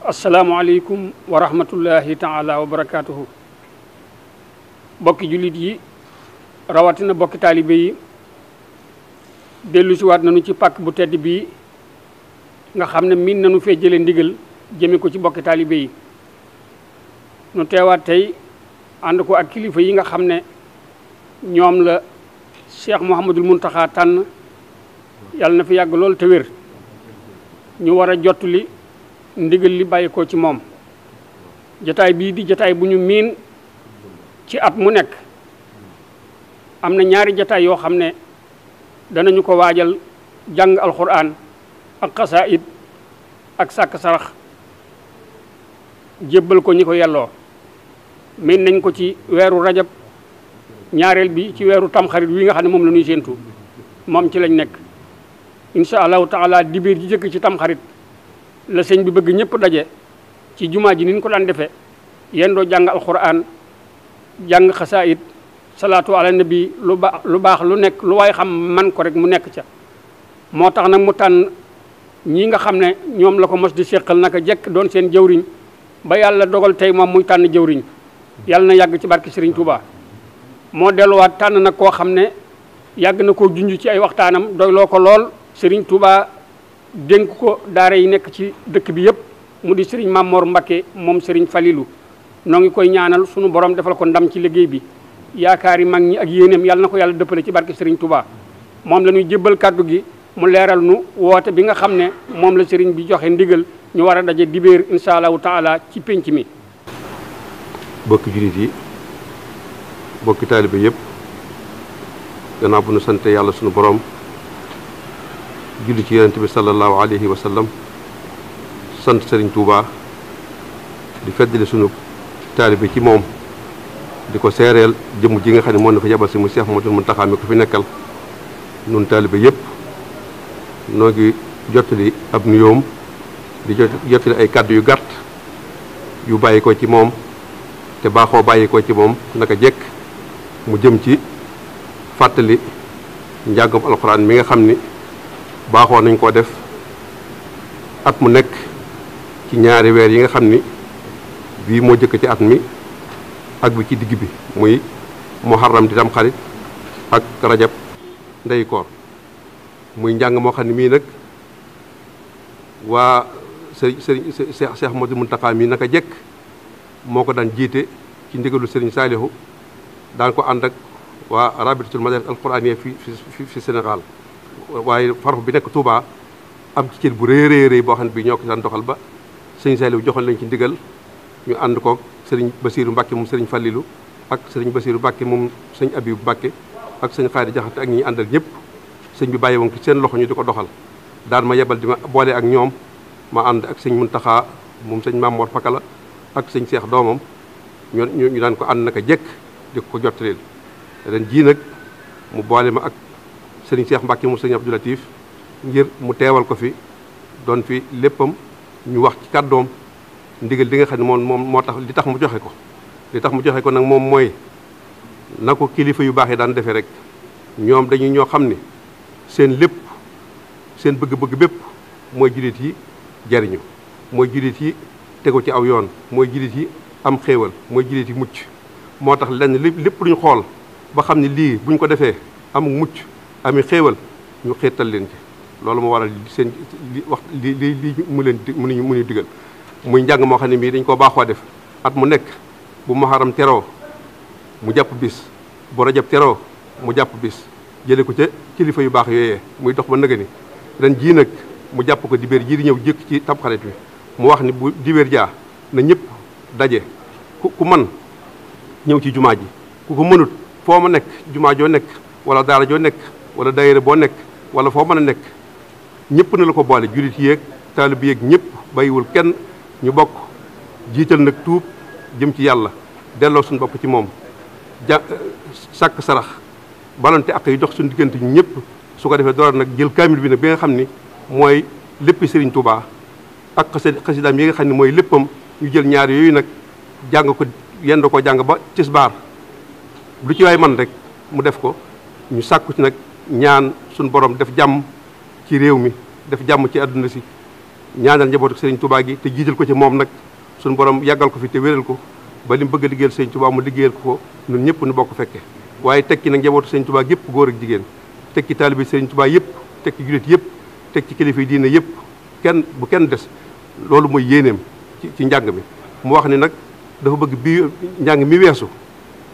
asalaamualeykum wa rahmatullahi taala wa barakaatuhu bokki jullit yi rawatina bokki taalibe yi dellu waat nañu ci pàkk bu tedd bii nga xam ne miin nañu fee jële ndigal jëme ko ci bokki taalibe yi nu teewaat tey ànd ko ak kilifa yi nga xam ne ñoom la cheikh mouhamadul muntaxa tànn yàlla na fi yàgg lool te ñu war a jottali ndigal li bàyyi ko ci moom jataay bii di jataay bu ñu miin ci at mu nekk am na ñaari jataay yoo xam ne danañu ko waajal jàng alxuraan ak xasaayid ak sàkk sarax jébbal ko ñu ko yelloo miin nañ ko ci weeru rajab ñaareel bi ci weeru tamxarit wi nga xam ne moom la ñuy moom ci lañ nekk incha allahu taala dibéer ji jëkk ci tamxarit la sëñ bi bëgg ñëpp daje ci jumaa ji ni ñu ko daan defee yendoo jàng alxuraan jàng xasaayit salaatu ala nabi lu baax lu baax lu nekk lu waay xam man ko rek mu nekk ca moo tax nag mu tànn ñii nga xam ne ñoom la ko mos di séqal a jekk doon seen jëwriñ ba yàlla dogal tey moom muy tànn jëwriñ yàlla na yàgg ci barki Serigne Touba moo delluwaat tànn nag koo xam ne yàgg na koo junj ci ay waxtaanam doyloo ko lool Serigne Touba dénk ko daara yi nekk ci dëkk bi yëpp mu di sëriñ Mamor Mbakke moom sëriñ Falilu noo ngi koy ñaanal sunu borom defal ko ndam ci liggéey bi yaakaar yaakaari mag ñi ak yéeneem yàlla na ko yàlla dëppale ci barke sëriñ tubaa moom la ñuy jébbal kàddu gi mu leeral nu woote bi nga xam ne moom la sëriñ bi joxe ndigal ñu war a daje dibéer incha allahu taala ci pénc mi. bokki jullit yi bokki taalibe yëpp gannaaw bu nu sant yàlla sunu boroom julli ci yonent bi sallallahu alayhi wa sallam sant Serigne Touba di feddali sunu taalibe ci moom di ko seereel jëmm ji nga xam ne moom na fa yabal si mu Seex Muhammadul Muntaxa mi ko fi nekkal nun taalibe yëpp noo ngi jottali ab nuyoom di jottali ay kàddu yu gàtt yu bàyyi ko ci moom te baaxoo bàyyi ko ci moom naka jekk mu jëm ci fàttali njàngam alxuraan mi nga xam ni baaxoo nañ koo def at mu nekk ci ñaari weer yi nga xam ni bii moo jëkk ci at mi ak bi ci digg bi muy muharram di tam ak rajab ndey muy njàng moo xam ne mii nag waa sëriñ sëriñ Cheikh Cheikh Modou Mountakha mii naka jekk moo ko daan jiite ci ndigalu sëriñ Saalihu daan ko ànd ak waa rabitatul madaris alquraaniyya fi fi fi Sénégal waaye faraf bi nekk Touba am ci cër bu rëy rëy boo xam ne bii ñoo ko daan doxal ba sëñ Saliou joxoon lañ ci ndigal ñu ànd ko sëriñ basiiru Mbacke mu sëriñ Fallilou ak sëriñ basiiru Mbacke moom sëñ Abibou Mbacke ak sëñ Xaari Jaxate ak ñi ñu àndal ñëpp sëñ bi bàyyi woon ko seen loxo ñu di ko doxal daan ma yebal di ma boole ak ñoom ma ànd ak sëñ taxaa moom sëñ Mamor Fakala ak sëñ Seex doomam ñu ñu daan ko ànd naka jekk di ko ko jottaleel ren jii nag mu boole ma ak sëriñ Cheikh Mbacke mu sëriñ Abdou Latif ngir mu teewal ko fi doon fi léppam ñu wax ci kàddoom ndigal li nga xam ne moom moom moo tax li tax mu joxe ko li tax mu joxe ko nag moom mooy na ko kilifa yu baax daan defee rek ñoom dañuy ñoo xam ni seen lépp seen bëgg-bëgg bépp mooy jullit yi jariñu mooy jullit yi tegu ci aw yoon mooy jullit yi am xéewal mooy jullit yi mucc moo tax lenn lépp lu ñu xool ba xam ne lii bu ñu ko defee am mucc ami xéewal ñu xeetal leen ci loolu moo waral seen li wax li li li mu leen di mu ñu digal muy njàng moo xam ne mii dañ koo baaxoo def at mu nekk bu maxaram teroo mu jàpp bis bu rajab teroo mu jàpp bis jëlee ko ca kilifa yu baax yooyee muy dox ba nëga ni ren jii nag mu jàpp ko dibéer jii di ñëw jëkk ci tamxarit bi mu wax ni bu dibéer jaa na ñëpp daje ku ku man ñëw ci jumaa ji ku ko mënut foo ma nekk jumaa joo nekk wala daara joo nekk wala daayira boo nekk wala foo mën a nekk ñëpp na la ko boole jullit yeeg taalib yeeg ñëpp bàyyiwul kenn ñu bokk jiital nag tuub jëm ci yàlla delloo suñ bokk ci moom ja sàkk sarax balante ak yi dox suñu diggante ñu ñëpp su ko defee door nag jël kaamil bi nag bi nga xam ni mooy léppi Serigne Touba ak xasidaam yi nga xam ne mooy léppam ñu jël ñaar yooyu nag jàng ko yendoo ko jàng ba tisbaar lu ci waay man rek mu def ko ñu sàkku ci nag ñaan suñu borom def jàmm ci réew mi def jàmm ci àdduna si ñaanal njabootu Serigne Touba gi te jiital ko ci moom nag suñu borom yàggal ko fi te wéral ko ba li mu bëgg a liggéeyal Serigne Touba mu liggéeyal ko ñun ñëpp nu bokk fekke waaye tekki nag njabootu Serigne Touba yëpp goor ak jigéen tekki taalibi Serigne Touba yëpp tekki julit yëpp tekki kilifa yi diine yëpp kenn bu kenn des loolu mooy yéeneem ci njàng mi mu wax ni nag dafa bëgg bii njàng mi weesu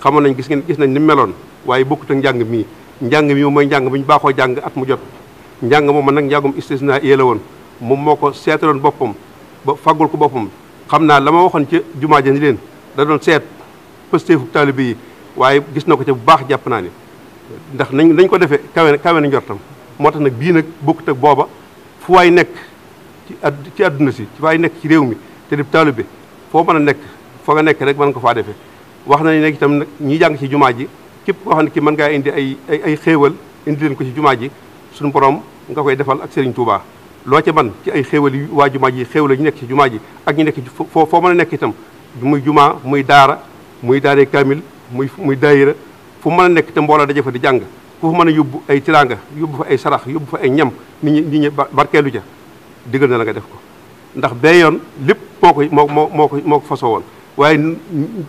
xamoon nañ gis ngeen gis nañ ni meloon waaye bokkut ak mii njàng mi moom mooy njàng bi ñu baaxoo jàng at mu jot njàng moom man nag njàngum istisna la woon moom moo ko seetaloon boppam ba faggul ko boppam xam naa la ma waxoon ca jumaa ji ni leen da seet pësteefu taalibe yi waaye gis na ko ca bu baax jàpp naa ni ndax nañ nañ ko defee kawe kawe na njortam moo tax nag bii nag bokkut ak booba fu waay nekk ci ad ci àdduna si fu waay nekk ci réew mi te di taalibe foo man a nekk fa nga nekk rek mën ko faa defee wax nañ nag itam nag ñi jàng ci jumaa ji képp koo xam ne ki mën ngaa indi ay ay ay xéewal indi leen ko ci jumaa ji suñu borom nga koy defal ak Serigne Touba loo ca man ci ay xéewal yi waa jumaa ji xéewal ñu nekk ci jumaa ji ak ñu nekk foo foo mën a nekk itam muy jumaa muy daara muy daaree kaamil muy muy daayira fu mën a nekk itam mbooloo daje fa di jàng ku fa mën a yóbbu ay tiraanga yóbbu fa ay sarax yóbbu fa ay ñam nit ñi nit ñi barkeelu ca diggal na la nga def ko ndax bee yoon lépp moo ko moo moo moo ko moo ko fasoo woon waaye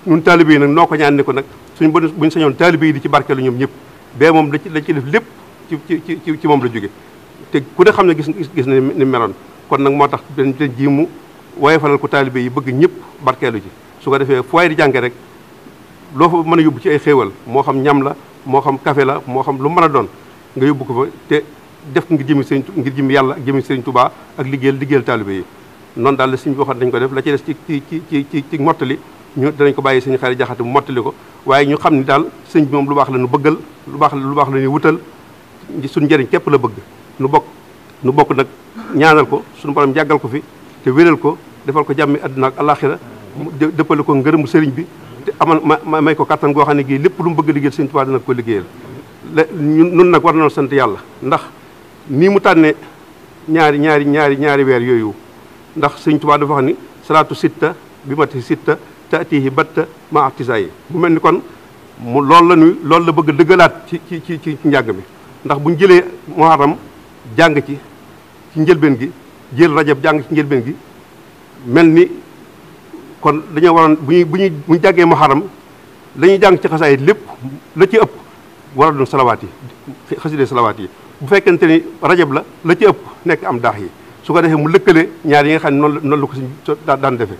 ñun taalibe yi nag noo ko ñaan ni ko nag suñ bu buñ sañoon taalibe yi di ci barkeelu ñoom ñëpp bee moom lañ ci ci def lépp ci ci ci moom la jóge te ku xam ne gis gis na ni meloon kon nag moo tax dañ te jiimu waaye falal ko taalibe yi bëgg ñëpp barkeelu ci su ko defee fooy di jànge rek loo fa mën a yóbbu ci ay xéewal moo xam ñam la moo xam café la moo xam lu mën a doon nga yóbbu ko fa te def ngir jëmi sëriñ ngir jëmi yàlla ak jëmi sëriñ Tuubaa ak liggéeyal liggéeyal taalibe yi noonu daal la suñ waxoon dañ ko def la ci des ci ci ci ci ci mottali ñu danañ ko bàyyi suñu xel jaxat mu mottali ko waaye ñu xam ni daal sëñ bi moom lu baax la nu bëggal lu baax lu baax la nu wutal suñu njëriñ képp la bëgg nu bokk nu bokk nag ñaanal ko suñu borom jàggal ko fi te wéral ko defal ko jàmmi àdduna ak alaxira dëppale ko ngërëmu sëriñ bi te amal ma may ko kattan goo xam ne gii lépp lu mu bëgg liggéeyal sëñ Tuubaa dina ko liggéeyal ñun nun nag war nañoo sant yàlla ndax nii mu tànnee ñaari ñaari ñaari ñaari weer yooyu ndax sëñ Tuubaa dafa wax ni salaatu sitta bi mati sitta taatihi batta ma atisayi mu mel ni kon mu loolu la ñuy loolu la bëgg a dëggalaat ci ci ci ci njàng mi ndax bu ñu jëlee muharram jàng ci ci njëlbeen gi jël rajab jàng ci njëlbeen gi mel ni kon dañoo waroon bu ñuy bu ñuy bu ñu jàngee muharram la jàng ci xasaay lépp la ci ëpp war a doon salawaat yi xasidee salawaat yi bu fekkente ni rajab la la ci ëpp nekk am daax yi su ko defee mu lëkkale ñaar yi nga xam ne noonu la noonu la ko si daan defee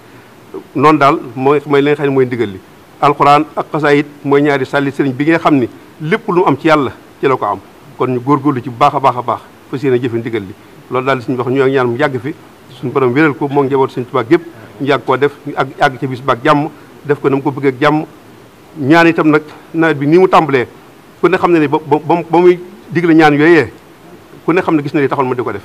noonu daal mooy mooy li nga xam ne mooy ndigal li alxuraan ak xasaayit mooy ñaari salli sëriñ bi nga xam ni lépp lu mu am ci yàlla ci la ko am kon ñu góor góorgóorlu ci baax a baax a baax fas yéene jëfe ndigal li lool daal suñu wax ñu ak mu yàgg fi suñu borom wéral ko moo ngi njaboot suñu tubaab yëpp ñu yàgg koo def ak àgg ca bis baak jàmm def ko na mu ko bëgg ak jàmm ñaan itam nag nawet bi ni mu tàmbalee ku ne xam ne ne ba ba muy digle ñaan yooyee ku ne xam ne gis na li taxoon ma di ko def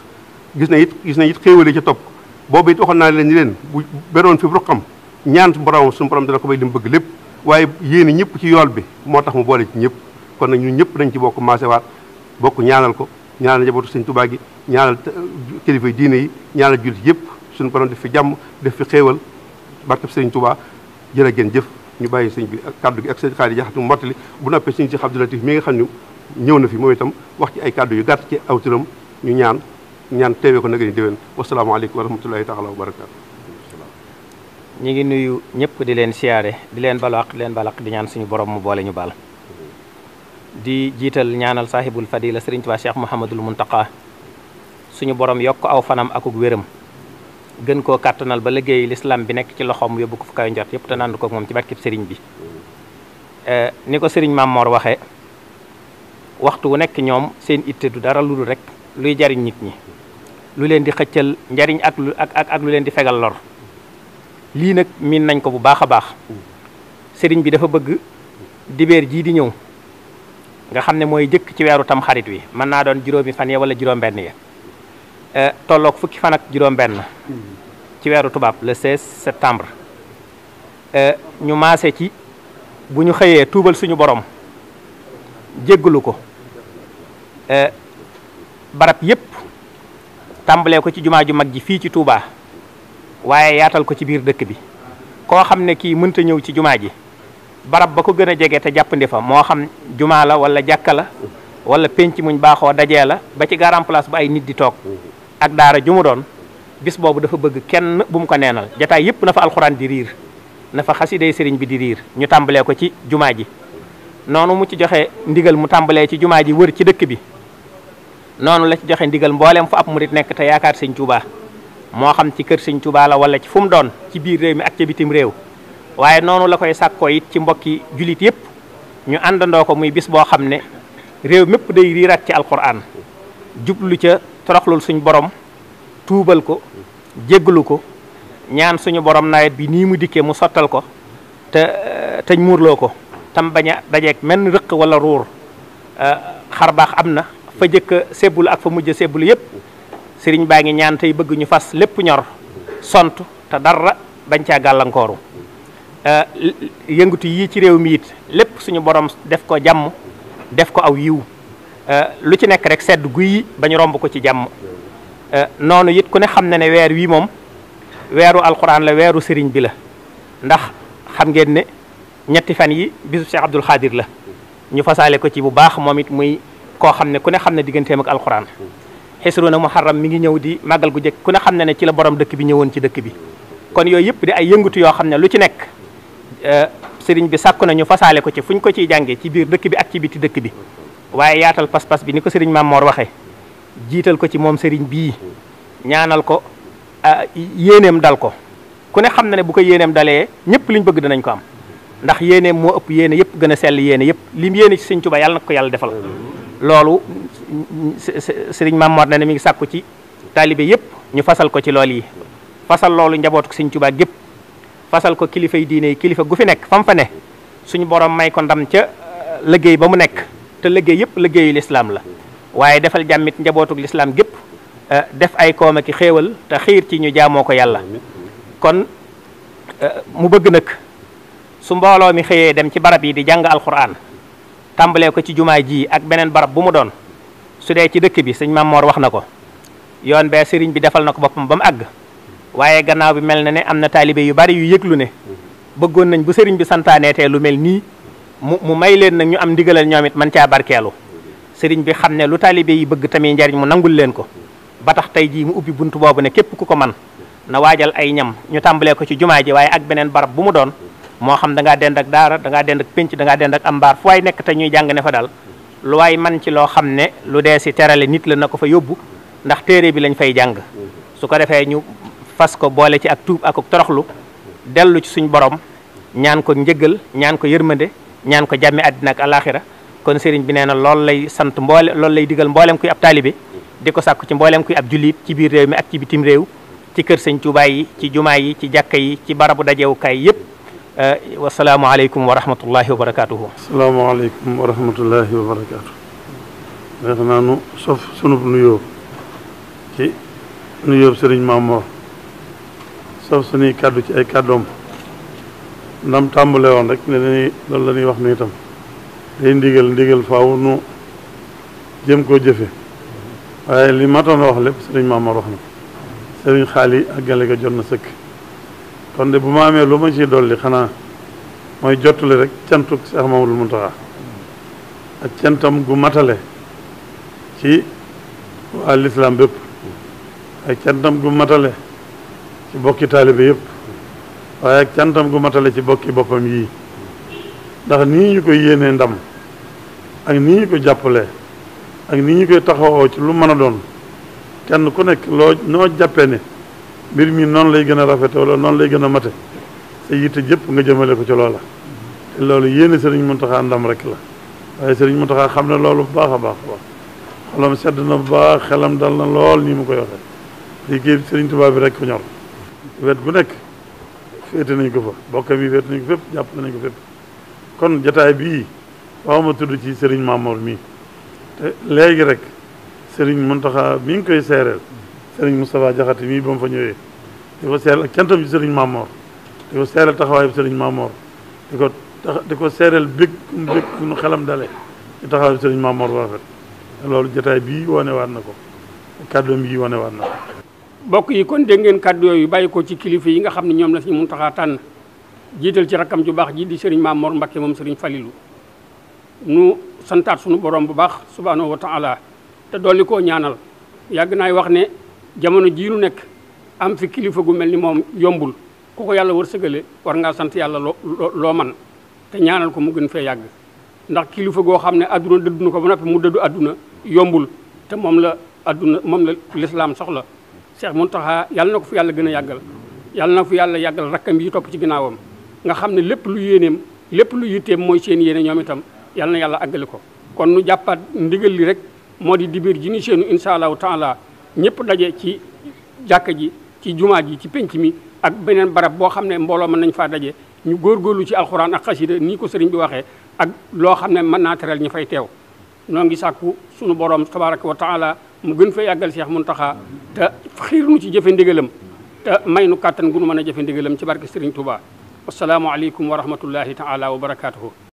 gis na it gis na it xéewale ca topp boobu it waxoon naa leen ni leen bu beroon fi ruqam ñaan su borom suñu borom dana ko may li mu bëgg lépp waaye yéen ñëpp ci yool bi moo tax mu boole ci ñëpp kon nag ñun ñëpp nañ ci bokk maase waat bokk ñaanal ko ñaanal njabootu sëñ tubaa gi ñaanal kilifa diine yi ñaanal jullit yëpp suñu borom def fi jàmm def fi xéewal barkab sëñ Tuubaa jërë ngeen jëf ñu bàyyi sëñ bi kàddu gi ak sëñ xaar yi jaxatu mottali bu noppee sëñ si Abdou Latif mi nga xam ne ñëw na fi moom itam wax ci ay kàddu yu gàtt ci aw turam ñu ñaan ñaan teewee ko nag ñu déwén wasalaamaaleykum wa rahmatulahi taala wa barakaatu. ñu ngi nuyu ñëpp di leen siyaare di leen balaq di leen balaq di ñaan suñu borom mu boole ñu baal. di jiital ñaanal saahibul fadila sëriñ Tuubaa Cheikh Mouhamadul Muntaqa suñu borom yokk aw fanam ak wéram gën koo kàttanal ba liggéey lislaam bi nekk ci loxoom yóbbu ko fu kaw njot yëpp te nandu ko moom ci barkib sëriñ bi. Mm. Eh, ni ko sëriñ Mamor waxe waxtu wu nekk ñoom seen itte du dara lu rek. luy jariñ nit ñi lu leen di xëccal njariñ ak lu leen di fegal lor lii nag miin nañ ko bu baax a baax sëriñ bi dafa bëgg dibeer jii di ñëw nga xam ne mooy jëkk ci weeru tam xarit wi mën naa doon juróomi fan ya wala juróom-benn ya eh, tolloog fukki fan ak juróom-benn ci weeru tubaab la 16 septembre eh, ñu maase ci bu ñu xëyee tuubal suñu boroom jéggalu ko eh, barab yépp tàmbalee ko ci jumaa ju mag ji fii ci Touba waaye yaatal ko ci biir dëkk bi koo xam ne kii mënta ñëw ci jumaa ji barab ba ko gën a jege te jàppandi fa moo xam jumaa la wala jàkka la wala penc muñ baaxoo dajee la ba ci garan place bu ay nit di toog ak daara ju mu doon bis boobu dafa bëgg kenn bu mu ko neenal jataay yépp na fa alxuraan di riir na fa xasiday sëriñ bi di riir ñu tàmbalee ko ci jumaa ji noonu mu ci joxe ndigal mu tàmbalee ci jumaa ji wër ci dëkk bi noonu la ci joxe ndigal mbooleem fu ab murit nekk te yaakaar sañ Tuubaa moo xam ci kër sëñ Tuubaa la wala ci fu mu doon ci biir réew mi ak ci bitim réew waaye noonu la koy sàkkoo it ci mbokki julit yëpp ñu àndandoo ko muy bis boo xam ne réew mépp day riiraat ci alquran jublu ca toroxlul suñ borom tuubal ko jéggalu ko ñaan suñu borom nawet bi nii mu dikkee mu sottal ko te eh, teñ muurloo ko tam bañ a dajeeg menn rëq wala ruur eh, xarbaax am na fa jëkk sebul ak fa mujj a sebbul yëpp sëriñ baa ngi ñaan tey bëgg ñu fas lépp ñor sont te dara bañ ca gàllankooru euh, yëngatu yii ci réew mi it lépp suñu borom def ko jàmm def ko aw yiw euh, lu ci nekk rek sedd guy bañ romb ko ci jàmm euh, noonu it ku ne xam na ne weer wii moom weeru alxuraan la weeru sëriñ bi la ndax xam ngeen ne ñetti fan yi bisu Cheikh Abdoul Khadir la ñu fasaale ko ci bu baax moom it muy koo xam ne ku ne xam ne digganteem ak alxuraan xisruna muharram mi ngi ñëw di màggal gu jëkk ku ne xam ne ne ci la borom dëkk bi ñëwoon ci dëkk bi kon yooyu yëpp di ay yëngatu yoo xam ne lu ci nekk eh, sëriñ bi sàkku nañu fasaale ko ci fu ñu ko ciy jàngee ci biir dëkk bi ak ci biti dëkk bi waaye yaatal pas-pas bi ni ko sëriñ Maam Moor waxee jiital ko ci moom sëriñ bii ñaanal ko eh, yéeneem dal ko ku ne xam na ne bu ko yéeneem dalee ñëpp ñu bëgg danañ ko am ndax yéeneem moo ëpp yéene yëpp gën a sell yéene yëpp lim yéene ci sëñ yàlla ko yàlla defal loolu sëriñ Mamoor na ne mi ngi sàkku ci taalibe yëpp ñu fasal ko ci lool yi fasal loolu njaboot ko sëriñ Tuubaa gépp fasal ko kilifa yi diine yi kilifa gu fi nekk fam fa ne suñu borom may ko ndam ca euh, liggéey ba mu nekk te liggéey yëpp liggéeyu lislaam la waaye defal jàmmit njabootuk lislaam gépp euh, def ay koom ak xéewal te xiir ci ñu jaamoo ko yàlla kon euh, mu bëgg nag su mbooloo mi xëyee dem ci barab yi di jàng alquran tàmbalee ko ci jumaa ji ak beneen barab bu mu doon su dee ci dëkk bi sëñ mamoor wax na ko yoon bee sëriñ bi defal na ko boppam ba mu àgg waaye gannaaw bi mel na ne am na taalibe yu bari yu yëglu ne bëggoon nañ bu sëriñ bi santaaneetee lu mel nii mu mu may leen nag ñu am ndigalal ñoom it man caa barkeelu sëriñ bi xam ne lu taalibe yi bëgg tamit njariñ mu nangul leen ko ba tax tey jii mu ubbi buntu boobu ne képp ku ko man na waajal ay ñam ñu tàmbalee ko ci jumaa ji waaye ak beneen barab bu mu doon moo xam da ngaa dend ak daara da dend ak pénc da ngaa dend ak am mbaar fu waay nekk te ñuy jàng ne fa daal lu waay man ci loo xam ne lu dee si terale nit la na ko fa yóbbu ndax téere bi lañ fay jàng su ko defee ñu fas ko boole ci ak tuub ak toroxlu dellu ci suñ borom ñaan ko njëgal ñaan ko yërmande ñaan ko jàmme àddina ak alaxira kon sëriñ bi nee na loolu lay sant mboole loolu lay digal mboolem kuy ab taalibe di ko sàkku ci mboolem kuy ab jullit ci biir réew mi ak ci bitim réew ci kër sëñ Tuubaa yi ci jumaa yi ci jàkka yi ci barabu dajewukaay yépp Eh, wasalaamualeykum wa rahmatullahi wa barakaatuhu. asalaamaaleykum wa rahmatullahi wa barakaatu. def naa nu sof sunub nuyoo ci nuyoo sëriñ Maamoor sof suñuy kàddu ci ay kàddoom ndam tàmbale woon rek ne la ñuy wax nu itam day ndigal ndigal faaw nu jëm koo jëfe waaye li matoon wax lépp sëriñ Maamoor wax na sëriñ xaali ak gale ga jot na sëkk kon de bu ma amee lu ma ciy dolli xanaa mooy jottali rek cantuk Seex Mamadul Muntaxa ak cantam gu matale ci waa lislaam bépp ak cantam gu matale ci bokki taalibe yëpp waaye ak cantam gu matale ci bokki boppam yii ndax nii ñu koy yéenee ndam ak nii ñu ko jàppale ak nii ñu koy taxawoo ci lu mën a doon kenn ku nekk loo noo jàppee ne mbir mi noonu lay gën a rafete wala noonu lay gën a mate sa yitte jëpp nga jëmale ko ci loola te loolu yéene sëriñ Muntaxa ndam rek la waaye sëriñ Muntaxa xam ne loolu bu baax a baax a sedd na bu baax xelam dal na lool ni mu koy waxee liggéey sëriñ Tuubaa bi rekk ko ñor wet gu nekk féete nañ ko fa bokkam yi féete nañ ko fépp jàppale nañ ko fépp kon jataay bii waaw ma tudd ci sëriñ Maamoor mii te léegi rek sëriñ Muntaxa mi ngi koy seereel Serigne Moustapha Diakhaté mii ba mu fa ñëwee di ko seeral ak cantam ci Serigne Mamor di ko seeral taxawaayu Serigne ko tax di ko seeral bég bég nu xelam dale ci taxawaayu Serigne Mamor bu rafet loolu jotaay bii wane waat na ko kàddoom yi wane waat na ko. mbokk yi kon dégg ngeen kàddu yooyu bàyyi ko ci kilifa yi nga xam ne ñoom la Serigne Mountakha tànn jiital ci rakkam ju baax ji di Serigne Mamor Mbacké moom Serigne Falilou nu santaat sunu borom bu baax subhaanahu wa te dolli koo ñaanal yàgg jamono jii nu nekk am fi kilifa gu mel ni moom yombul ku ko yàlla war sëgale war ngaa sant yàlla loo loo man te ñaanal ko mu gën fee yàgg ndax kilifa goo xam ne adduna dëddu na ko ba noppi mu dëddu adduna yombul te moom la adduna moom la lislaam soxla Cheikh Mountakha yàlla na ko fi yàlla gën a yàggal yàlla na ko yàlla yàggal rakkam yi topp ci ginnaawam nga xam ne lépp lu yéeneem lépp lu yitteem mooy seen yéene ñoom itam yàlla na yàlla àggali ko kon nu jàppaat ndigal li rek moo di dibir ji ni seenu incha allahu taala ñëpp daje ci jàkka ji ci jumaa ji ci penc mi ak beneen barab boo xam ne mbooloo mën nañ faa daje ñu góorgóorlu ci alxuraan ak xasida nii ko sëriñ bi waxee ak loo xam ne mën naa teral ñu fay teew noo ngi sàkku sunu borom tabaraka wa taala mu gën fa yàggal Seex Muntaxa te xiir nu ci jëfe ndigalam te may nu kàttan gu nu mën a jëfe ndigalam ci barke sëriñ Touba wasalaamu aleykum wa rahmatullahi taala wa barakatuhu